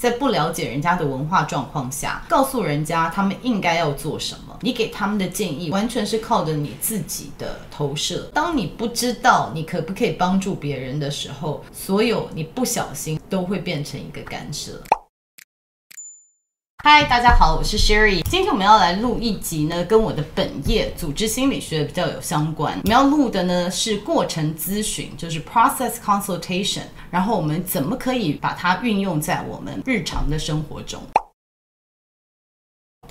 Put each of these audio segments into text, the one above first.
在不了解人家的文化狀況下，告訴人家他們應該要做什麼，你給他們的建議完全是靠着你自己的投射。當你不知道你可不可以幫助別人的時候，所有你不小心都會變成一個干涉。嗨，Hi, 大家好，我是 Sherry。今天我們要來錄一集呢，跟我的本業組織心理學比較有相關。我們要錄的呢是過程諮詢，就是 process consultation。然後我們怎麼可以把它運用在我們日常的生活中？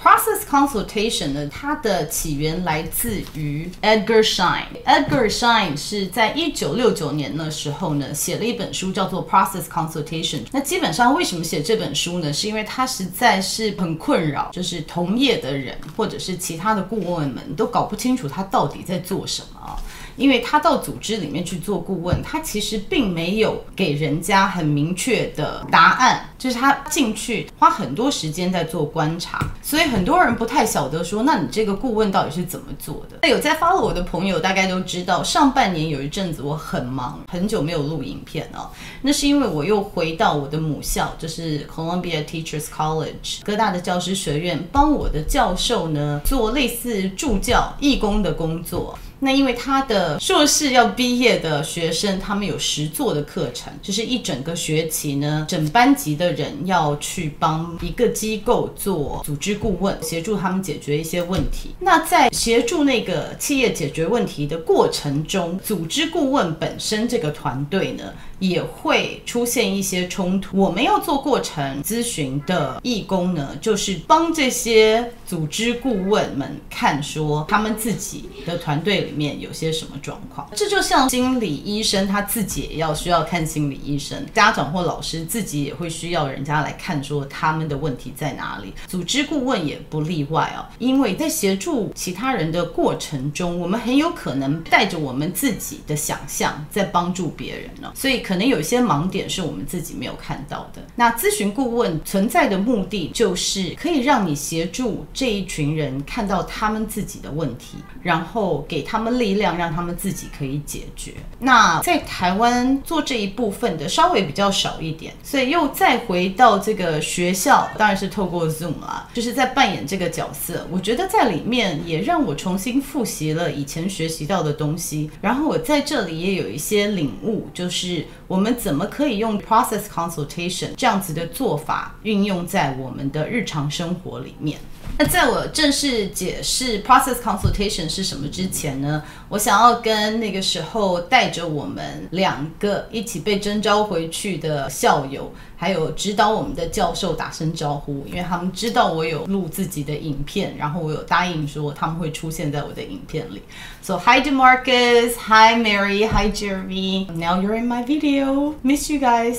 Process consultation 呢，它的起源來自於 Edgar Schein。Edgar Schein 是在一九六九年的時候呢，寫了一本書叫做 Process Consultation。那基本上為什麼寫這本書呢？是因為他實在是很困擾，就是同業的人或者是其他的顧問們都搞不清楚他到底在做什麼，因為他到組織裡面去做顧問，他其實並沒有給人家很明確的答案。就是他進去花很多時間在做觀察，所以很多人不太曉得說，那你這個顧問到底是怎麼做的？那有在 follow 我的朋友大概都知道，上半年有一陣子我很忙，很久沒有錄影片哦。那是因為我又回到我的母校，就是 Columbia Teachers College，哥大的教師學院，幫我的教授呢做類似助教義工的工作。那因為他的碩士要畢業的學生，他們有實作的課程，就是一整個學期呢，整班級的。人要去幫一個機構做組織顧問，協助他們解決一些問題。那在協助那個企業解決問題的過程中，組織顧問本身這個團隊呢，也會出現一些衝突。我們要做過程諮詢的義工呢，就是幫這些組織顧問們看說他們自己的團隊裡面有些什麼狀況。這就像心理醫生他自己也要需要看心理醫生，家長或老師自己也會需要人家來看說他們的問題在哪裡。組織顧問也不例外哦，因為在協助其他人的過程中，我們很有可能帶着我們自己的想象在幫助別人呢、哦，所以。可能有些盲點是我們自己沒有看到的。那諮詢顧問存在的目的，就是可以讓你協助這一群人看到他們自己的問題，然後給他們力量，讓他們自己可以解決。那在台灣做這一部分的稍微比較少一點，所以又再回到這個學校，當然是透過 Zoom 啦，就是在扮演這個角色。我覺得在裡面也讓我重新複習了以前學習到的東西，然後我在這裡也有一些領悟，就是。我們怎麼可以用 process consultation 這樣子的做法運用在我們的日常生活裡面？那在我正式解釋 process consultation 是什麼之前呢，我想要跟那個時候帶着我們兩個一起被徵召回去的校友，還有指導我們的教授打聲招呼，因為他們知道我有錄自己的影片，然後我有答應說他們會出現在我的影片裡。So hi Demarcus, hi Mary, hi Jeremy, now you're in my video. Miss you guys.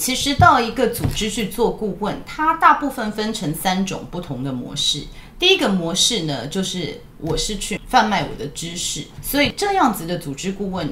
其實到一個組織去做顧問，它大部分分成三種不同的模式。第一個模式呢，就是我是去販賣我的知識，所以這樣子的組織顧問。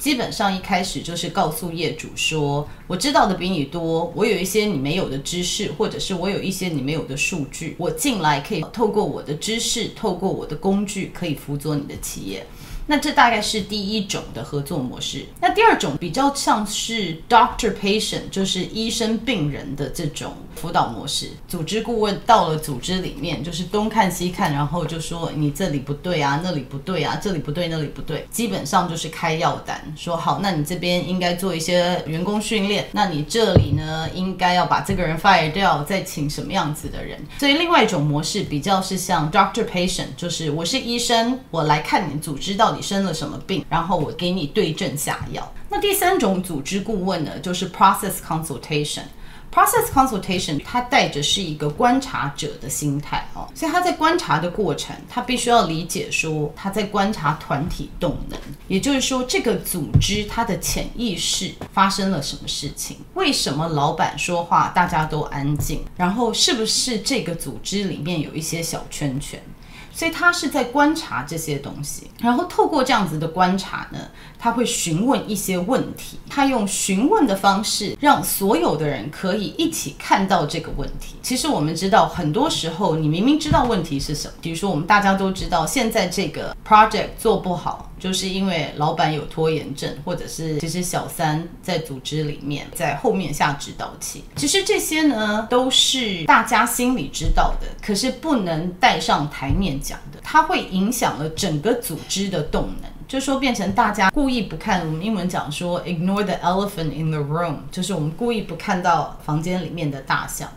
基本上一開始就是告訴業主說，我知道的比你多，我有一些你沒有的知識，或者是我有一些你沒有的數據，我進來可以透過我的知識，透過我的工具，可以輔佐你的企業。那這大概是第一種的合作模式。那第二種比較像是 doctor patient，就是醫生病人的這種輔導模式。組織顧問到了組織裡面，就是東看西看，然後就說你這裡不對啊，那裡不對啊，這裡不對，那裡不對，基本上就是開藥單，說好，那你這邊應該做一些員工訓練，那你這裡呢，應該要把這個人 fire 掉，再請什麼樣子的人。所以另外一種模式比較是像 doctor patient，就是我是醫生，我來看你組織到底生了什麼病，然後我給你對症下藥。那第三種組織顧問呢，就是 Process Consultation。Process Consultation，它帶着是一個觀察者的心態哦，所以他在觀察的過程，他必須要理解說他在觀察團體動能，也就是說這個組織它的潛意識發生了什麼事情，為什麼老闆說話大家都安靜，然後是不是這個組織裡面有一些小圈圈？所以他是在觀察這些東西，然後透過這樣子的觀察呢，他會詢問一些問題。他用詢問的方式，讓所有的人可以一起看到這個問題。其實我們知道，很多時候你明明知道問題是什麼，比如說我們大家都知道，現在這個 project 做不好。就是因為老板有拖延症，或者是其實小三在組織裡面在後面下指導棋。其實這些呢都是大家心裡知道的，可是不能帶上台面講的，它會影響了整個組織的動能。就說變成大家故意不看，我們英文講說 ignore the elephant in the room，就是我們故意不看到房間裡面的大象。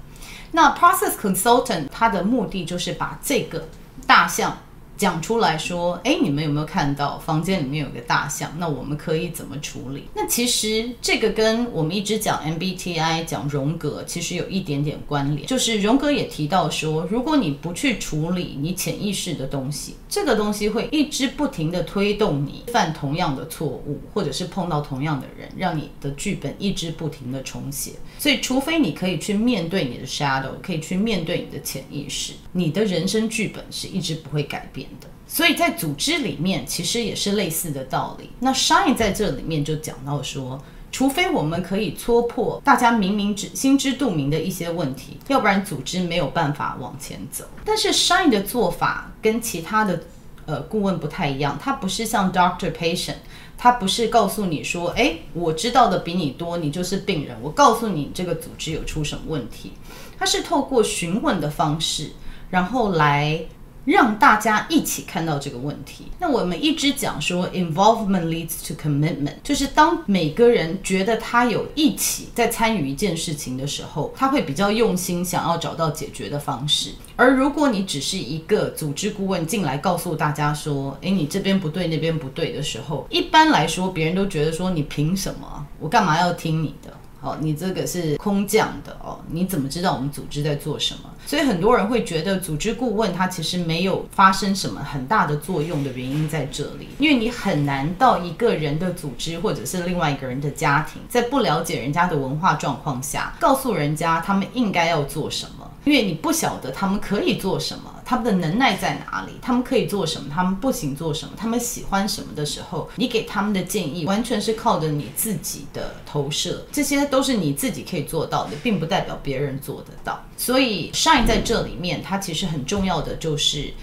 那 process consultant 它的目的就是把這個大象。講出來說，哎，你們有沒有看到房間裡面有個大象？那我們可以怎麼處理？那其實這個跟我們一直講 MBTI 講榮格其實有一點點關聯。就是榮格也提到說，如果你不去處理你潛意識的東西，這個東西會一直不停的推動你犯同樣的錯誤，或者是碰到同樣的人，讓你的劇本一直不停的重寫。所以，除非你可以去面對你的 shadow，可以去面對你的潛意識，你的人生劇本是一直不會改變。所以在組織裡面，其實也是類似的道理。那 Shine 在這裡面就講到說，除非我們可以戳破大家明明知心知肚明的一些問題，要不然組織沒有辦法往前走。但是 Shine 的做法跟其他的呃顧問不太一樣，他不是像 Doctor Patient，他不是告訴你說：“哎，我知道的比你多，你就是病人。”我告訴你，你這個組織有出什麼問題，他是透過詢問的方式，然後來。讓大家一起看到這個問題。那我們一直講說，involvement leads to commitment，就是當每個人覺得他有一起在參與一件事情的時候，他會比較用心想要找到解決的方式。嗯。而如果你只是一個組織顧問進來告訴大家說，哎，你這邊不對，那邊不對的時候，一般來說，別人都覺得說，你憑什麼？我幹嘛要聽你的？哦，你這個是空降的哦，你怎麼知道我們組織在做什麼？所以很多人會覺得，組織顧問他其實沒有發生什麼很大的作用的原因在這裡，因為你很難到一個人的組織或者是另外一個人的家庭，在不了解人家的文化狀況下，告訴人家他們應該要做什麼。因為你不曉得他們可以做什麼，他們的能耐在哪裡，他們可以做什麼，他們不行做什麼，他們喜歡什麼的時候，你給他們的建議完全是靠着你自己的投射，這些都是你自己可以做到的，並不代表別人做得到。所以 Shine 在這裡面，嗯、它其實很重要的就是。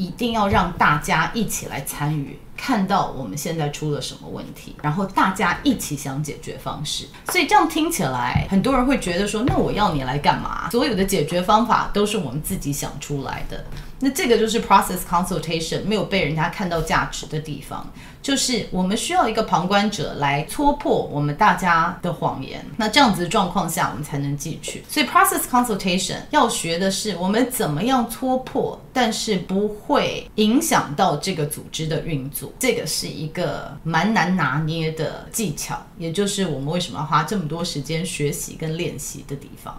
一定要讓大家一起來參與，看到我們現在出了什麼問題，然後大家一起想解決方式。所以這樣聽起來，很多人會覺得說：“那我要你來幹嘛？”所有的解決方法都是我們自己想出來的。那這個就是 process consultation，沒有被人家看到價值的地方，就是我們需要一個旁觀者來戳破我們大家的謊言。那這樣子的狀況下，我們才能進去。所以 process consultation 要學的是我們怎麼樣戳破，但是不會影響到這個組織的運作。這個是一個蠻難拿捏的技巧，也就是我們為什麼要花這麼多時間學習跟練習的地方。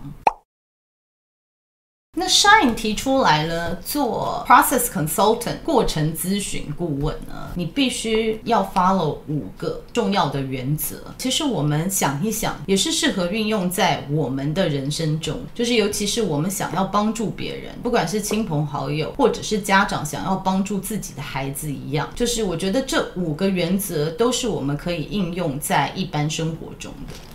那 Schein 提出來呢，做 process consultant 過程諮詢顧問呢，你必須要 follow 五個重要的原則。其實我們想一想，也是適合運用在我們的人生中，就是尤其是我們想要幫助別人，不管是親朋好友或者是家長想要幫助自己的孩子一樣，就是我覺得這五個原則都是我們可以應用在一般生活中的。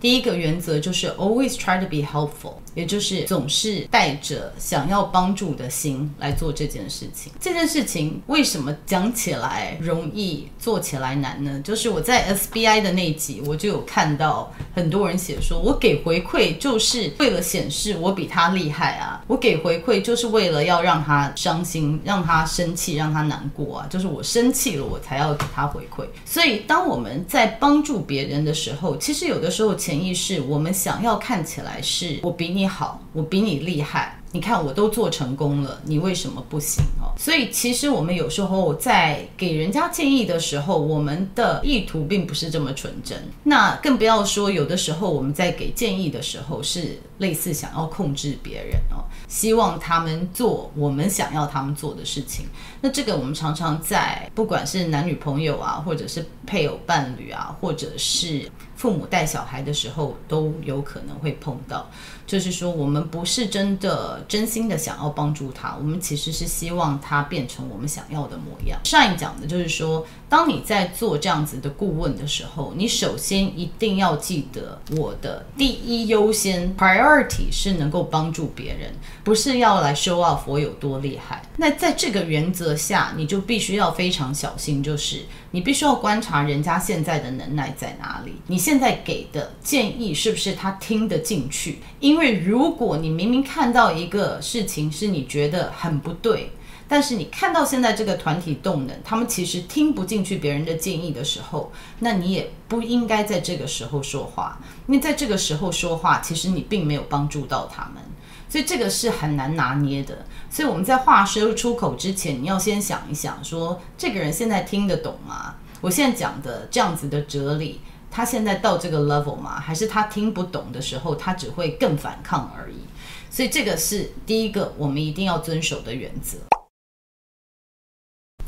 第一個原則就是 always try to be helpful，也就是總是帶着想要幫助的心來做這件事情。這件事情為什麼講起來容易，做起來難呢？就是我在 SBI 的那集，我就有看到很多人寫說，我給回饋就是為了顯示我比他厲害啊，我給回饋就是為了要讓他傷心、讓他生氣、讓他難過啊，就是我生氣了，我才要給他回饋。所以，當我們在幫助別人的時候，其實有的時候。潛意識，我們想要看起來是我比你好，我比你厲害，你看我都做成功了，你為什麼不行？所以，其實我們有時候在給人家建議的時候，我們的意圖並不是這麼純真。那更不要說有的時候我們在給建議的時候，是類似想要控制別人哦，希望他們做我們想要他們做的事情。那這個我們常常在不管是男女朋友啊，或者是配偶伴侶啊，或者是父母帶小孩的時候，都有可能會碰到。就是說，我們不是真的、真心的想要幫助他，我們其實是希望他變成我們想要的模樣。上一講的就是說。當你在做這樣子的顧問的時候，你首先一定要記得，我的第一優先 priority 是能夠幫助別人，不是要來 show off 我有多厲害。那在這個原則下，你就必須要非常小心，就是你必須要觀察人家現在的能耐在哪裡，你現在給的建議是不是他聽得進去？因為如果你明明看到一個事情是你覺得很不對，但是你看到現在這個團體動能，他們其實聽不進去別人的建議的時候，那你也不應該在這個時候說話。因為在這個時候說話，其實你並沒有幫助到他們，所以這個是很難拿捏的。所以我們在話說出口之前，你要先想一想說，這個人現在聽得懂嗎？我現在講的這樣子的哲理，他現在到這個 level 嗎？還是他聽不懂的時候，他只會更反抗而已。所以這個是第一個，我們一定要遵守的原則。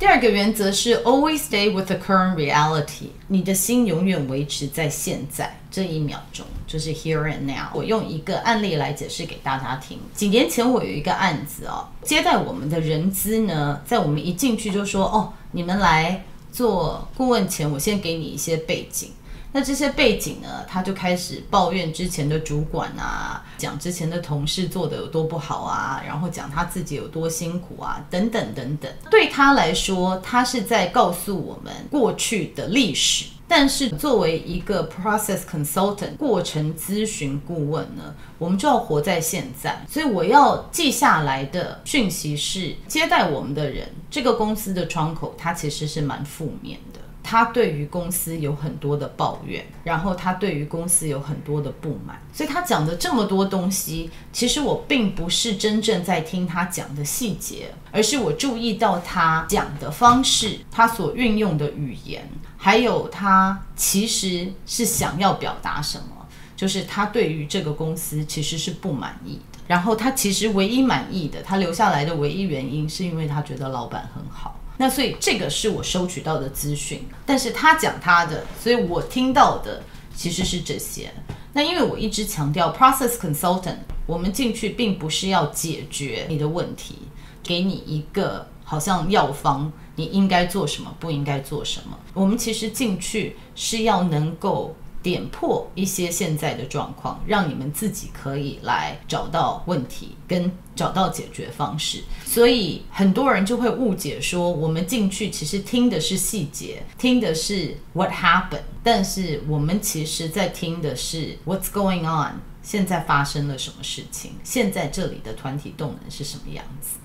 第二個原則是 always stay with the current reality。你的心永遠維持在現在這一秒鐘，就是 here and now。我用一個案例來解釋給大家聽。幾年前我有一個案子哦，接待我們的人資呢，在我們一進去就說：“哦，你們來做顧問前，我先給你一些背景。”那這些背景呢，他就開始抱怨之前的主管啊，講之前的同事做得有多不好啊，然後講他自己有多辛苦啊，等等等等。對他來說，他是在告訴我們過去的歷史。但是作為一個 process consultant 過程諮詢顧問呢，我們就要活在現在。所以我要記下來的訊息是，接待我們的人，這個公司的窗口，它其實是蠻負面的。他對於公司有很多的抱怨，然後他對於公司有很多的不滿，所以他講的這麼多東西，其實我並不是真正在聽他講的細節，而是我注意到他講的方式，他所運用的語言，還有他其實是想要表達什麼，就是他對於這個公司其實是不滿意的，然後他其實唯一滿意的，他留下來的唯一原因是因為他覺得老闆很好。那所以這個是我收取到的資訊，但是他講他的，所以我聽到的其實是這些。那因為我一直強調 process consultant，我們進去並不是要解決你的問題，給你一個好像藥方，你應該做什麼，不應該做什麼。我們其實進去是要能夠。點破一些現在的狀況，讓你們自己可以來找到問題跟找到解決方式。所以很多人就會誤解說，我們進去其實聽的是細節，聽的是 what happened，但是我們其實在聽的是 what's going on，現在發生了什麼事情？現在這裡的團體動能是什麼樣子？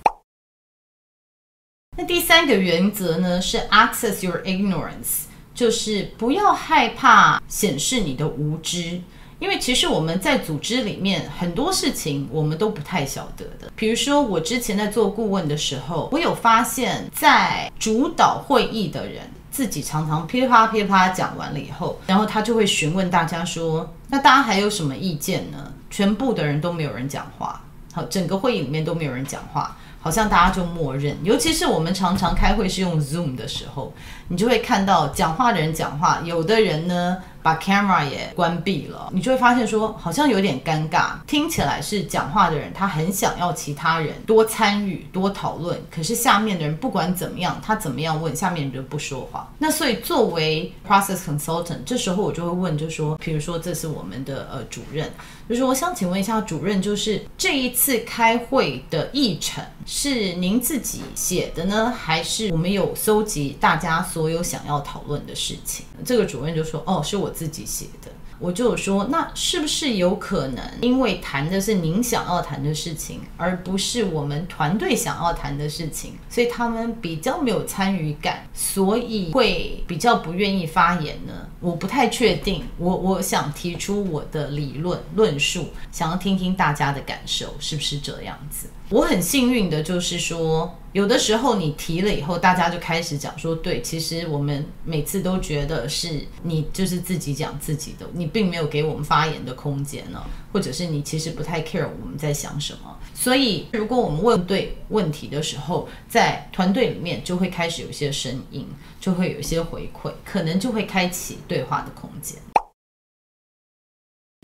那第三個原則呢，是 access your ignorance。就是不要害怕顯示你的無知，因為其實我們在組織裡面很多事情我們都不太曉得的。比如說，我之前在做顧問的時候，我有發現，在主導會議的人自己常常噼啪噼啪講完了以後，然後他就會詢問大家說：“那大家還有什麼意見呢？”全部的人都沒有人講話，好，整個會議裡面都沒有人講話。好像大家就默認，尤其是我們常常開會是用 Zoom 的時候，你就會看到講話的人講話，有的人呢，把 camera 也關閉了，你就會發現說好像有點尷尬，聽起來是講話的人他很想要其他人多參與多討論，可是下面的人不管怎麼樣，他怎麼樣問下面人就不說話。那所以作為 process consultant，這時候我就會問，就說比如說這是我們的呃主任，就是我想請問一下主任，就是這一次開會的議程是您自己寫的呢，還是我們有蒐集大家所有想要討論的事情？這個主任就說哦是我。自己寫的，我就說，那是不是有可能，因為談的是您想要談的事情，而不是我們團隊想要談的事情，所以他們比較沒有參與感，所以會比較不願意發言呢？我不太確定，我我想提出我的理論論述，想要聽聽大家的感受，是不是這樣子？我很幸運的就是說。有的時候你提了以後，大家就開始講說，對，其實我們每次都覺得是你就是自己講自己的，你並沒有給我們發言的空間呢，或者是你其實不太 care 我們在想什麼。所以如果我們問對問題的時候，在團隊裡面就會開始有些聲音，就會有一些回饋，可能就會開啟對話的空間。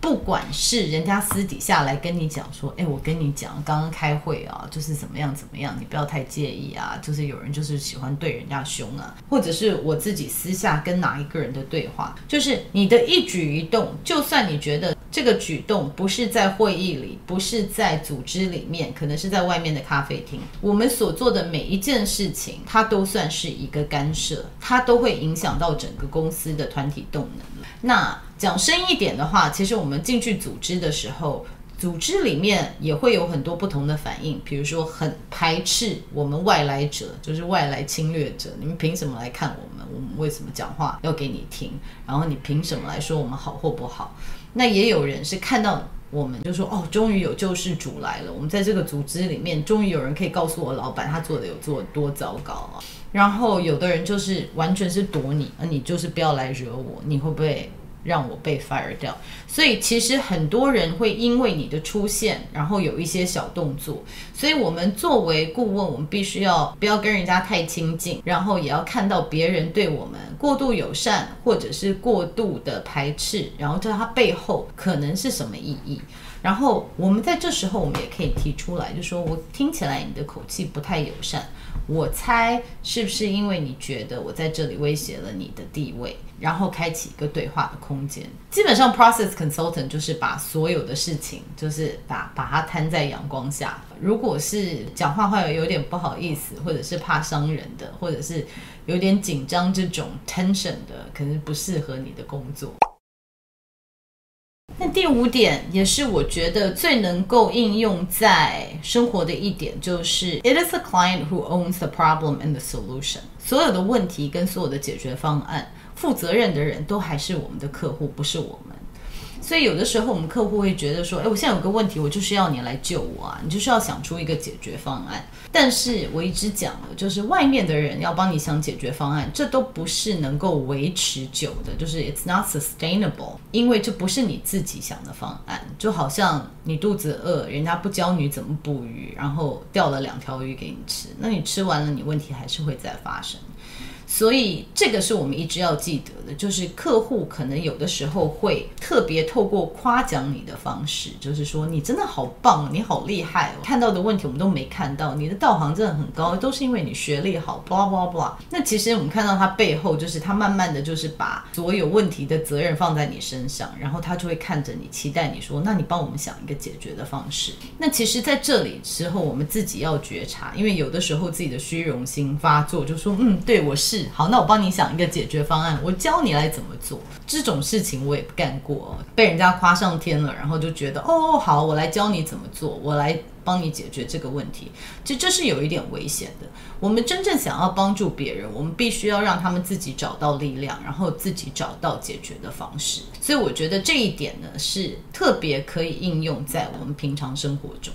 不管是人家私底下來跟你講說，誒我跟你講，剛剛開會啊，就是怎麼樣怎麼樣，你不要太介意啊。就是有人就是喜歡對人家凶啊，或者是我自己私下跟哪一個人的對話，就是你的一舉一動，就算你覺得這個舉動不是在會議裡，不是在組織裡面，可能是在外面的咖啡廳，我們所做的每一件事情，它都算是一個干涉，它都會影響到整個公司的團體動能。那講深一點的話，其實我們進去組織的時候，組織裡面也會有很多不同的反應。比如說，很排斥我們外來者，就是外來侵略者。你們憑什麼來看我們？我們為什麼講話要給你聽？然後你憑什麼來說我們好或不好？那也有人是看到我們就說：“哦，終於有救世主來了！我們在這個組織裡面，終於有人可以告訴我老闆他做的有做多糟糕啊。”然後有的人就是完全是躲你，而你就是不要來惹我。你會不會？讓我被 fire 掉，所以其實很多人會因為你的出現，然後有一些小動作。所以我們作為顧問，我們必須要不要跟人家太親近，然後也要看到別人對我們過度友善或者是過度的排斥，然後在他背後可能是什麼意義。然後我們在這時候，我們也可以提出來，就是說我聽起來你的口氣不太友善，我猜是不是因為你覺得我在這裡威脅了你的地位？然後開啟一個對話的空間，基本上 process consultant 就是把所有的事情，就是把把它攤在陽光下。如果是講話會有有點不好意思，或者是怕傷人的，或者是有點緊張這種 tension 的，可能不適合你的工作。那第五點，也是我覺得最能夠應用在生活的一點，就是 It is the client who owns the problem and the solution。所有的問題跟所有的解決方案，負責任的人都還是我們的客戶，不是我們。所以有的時候我們客戶會覺得說，哎，我現在有個問題，我就是要你來救我啊，你就是要想出一個解決方案。但是我一直講的就是外面的人要幫你想解決方案，這都不是能夠維持久的，就是 it's not sustainable，因為這不是你自己想的方案。就好像你肚子餓，人家不教你怎麼捕魚，然後釣了兩條魚給你吃，那你吃完了，你問題還是會再發生。所以這個是我們一直要記得的，就是客戶可能有的時候會特別透過誇獎你的方式，就是說你真的好棒，你好厲害哦，看到的問題我們都沒看到，你的道行真的很高，都是因為你學歷好，blah blah blah。那其實我們看到他背後，就是他慢慢的，就是把所有問題的責任放在你身上，然後他就會看着你，期待你說，那你幫我們想一個解決的方式。那其實在這裡之後，我們自己要覺察，因為有的時候自己的虛榮心發作，就說，嗯，對，我是。好，那我幫你想一個解決方案，我教你來怎麼做。這種事情我也不幹過，被人家誇上天了，然後就覺得哦，好，我來教你怎麼做，我來幫你解決這個問題。其實這是有一點危險的。我們真正想要幫助別人，我們必須要讓他們自己找到力量，然後自己找到解決的方式。所以我覺得這一點呢，是特別可以應用在我們平常生活中。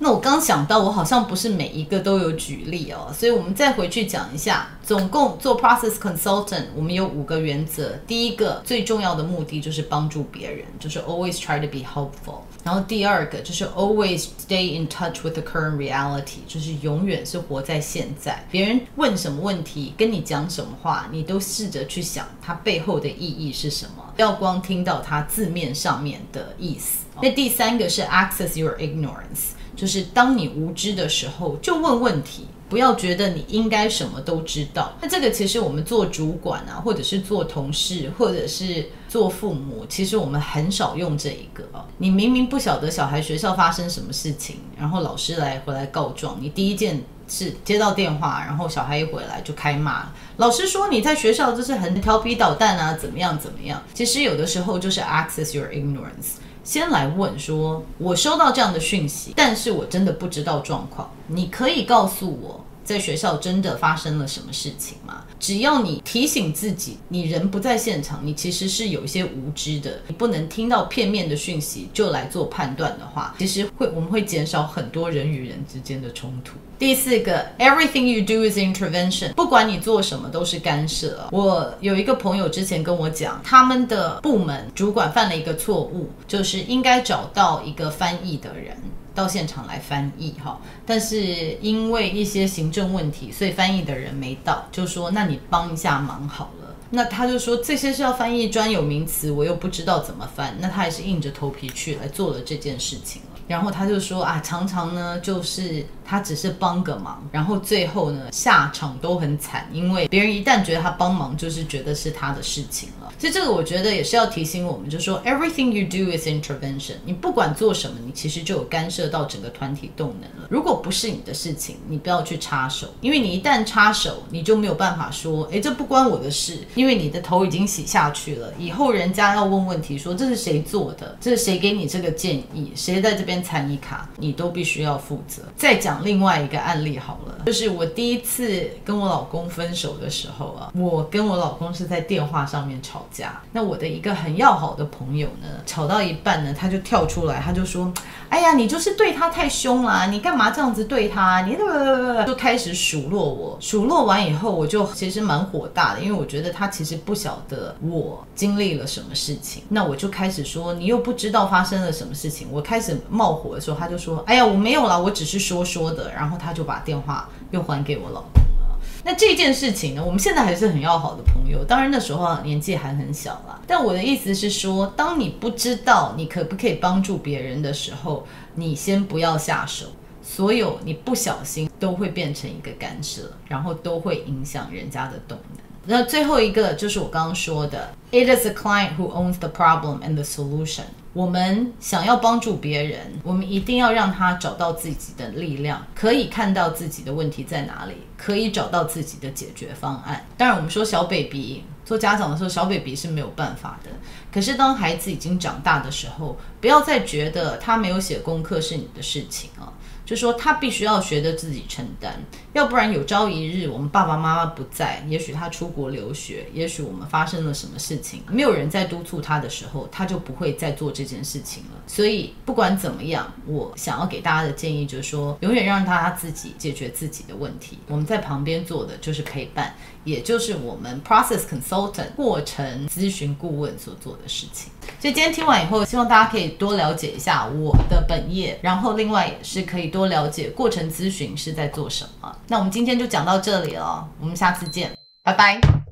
那我剛想到，我好像不是每一個都有舉例哦，所以我們再回去講一下。總共做 process consultant，我們有五個原則。第一個最重要的目的就是幫助別人，就是 always try to be helpful。然後第二個就是 always stay in touch with the current reality，就是永遠是活在現在。別人問什麼問題，跟你講什麼話，你都試着去想它背後的意義是什麼，不要光聽到它字面上面的意思。那第三個是 access your ignorance。就是當你無知的時候，就問問題，不要覺得你應該什麼都知道。那這個其實我們做主管啊，或者是做同事，或者是做父母，其實我們很少用這一個。你明明不曉得小孩學校發生什麼事情，然後老師來回來告狀，你第一件事接到電話，然後小孩一回來就開罵。老師說你在學校就是很調皮搗蛋啊，怎麼樣怎麼樣。其實有的時候就是 access your ignorance。先來問說，我收到這樣的訊息，但是我真的不知道狀況，你可以告訴我，在學校真的發生了什麼事情嗎？只要你提醒自己，你人不在現場，你其實是有一些無知的。你不能聽到片面的訊息就來做判斷的話，其實會我們會減少很多人與人之間的衝突。第四個，everything you do is intervention，不管你做什麼都是干涉。我有一個朋友之前跟我講，他們的部門主管犯了一個錯誤，就是應該找到一個翻譯的人。到現場來翻譯哈，但是因為一些行政問題，所以翻譯的人沒到，就說那你幫一下忙好了。那他就說這些是要翻譯專有名詞，我又不知道怎麼翻，那他還是硬着頭皮去來做了這件事情了。然後他就說啊，常常呢就是。他只是幫個忙，然後最後呢，下場都很慘，因為別人一旦覺得他幫忙，就是覺得是他的事情了。所以這個我覺得也是要提醒我們，就說 Everything you do is intervention。你不管做什麼，你其實就有干涉到整個團體動能了。如果不是你的事情，你不要去插手，因為你一旦插手，你就沒有辦法說，誒，這不關我的事。因為你的頭已經洗下去了，以後人家要問問題說這是誰做的，這是誰給你這個建議，誰在這邊參一咖，你都必須要負責。再講。另外一個案例好了，就是我第一次跟我老公分手的時候啊，我跟我老公是在電話上面吵架。那我的一個很要好的朋友呢，吵到一半呢，他就跳出來，他就說：“哎呀，你就是對他太凶啦，你幹嘛這樣子對他？”你那麼就開始數落我。數落完以後，我就其實蠻火大的，因為我覺得他其實不曉得我經歷了什麼事情。那我就開始說：“你又不知道發生了什麼事情。”我開始冒火的時候，他就說：“哎呀，我沒有啦，我只是說說。”然後他就把電話又還給我老公了。那這件事情呢，我們現在還是很要好的朋友，當然那時候年紀還很小啦。但我的意思是說，當你不知道你可不可以幫助別人的時候，你先不要下手。所有你不小心都會變成一個干涉，然後都會影響人家的動能。那最後一個就是我剛剛說的，It is the client who owns the problem and the solution。我們想要幫助別人，我們一定要讓他找到自己的力量，可以看到自己的問題在哪裡，可以找到自己的解決方案。當然，我們說小 baby 做家長的時候，小 baby 是沒有辦法的。可是當孩子已經長大的時候，不要再覺得他沒有寫功課是你的事情啊、哦。就說他必須要學着自己承擔，要不然有朝一日我們爸爸媽媽不在，也許他出國留學，也許我們發生了什麼事情，沒有人在督促他的時候，他就不會再做這件事情了。所以不管怎麼樣，我想要給大家的建議就是說，永遠讓他自己解決自己的問題。我們在旁邊做的就是陪伴，也就是我們 process consultant 過程諮詢顧問所做的事情。所以今天聽完以後，希望大家可以多了解一下我的本業，然後另外也是可以多。多了解過程諮詢是在做什麼。那我們今天就講到這裡了，我們下次見，拜拜。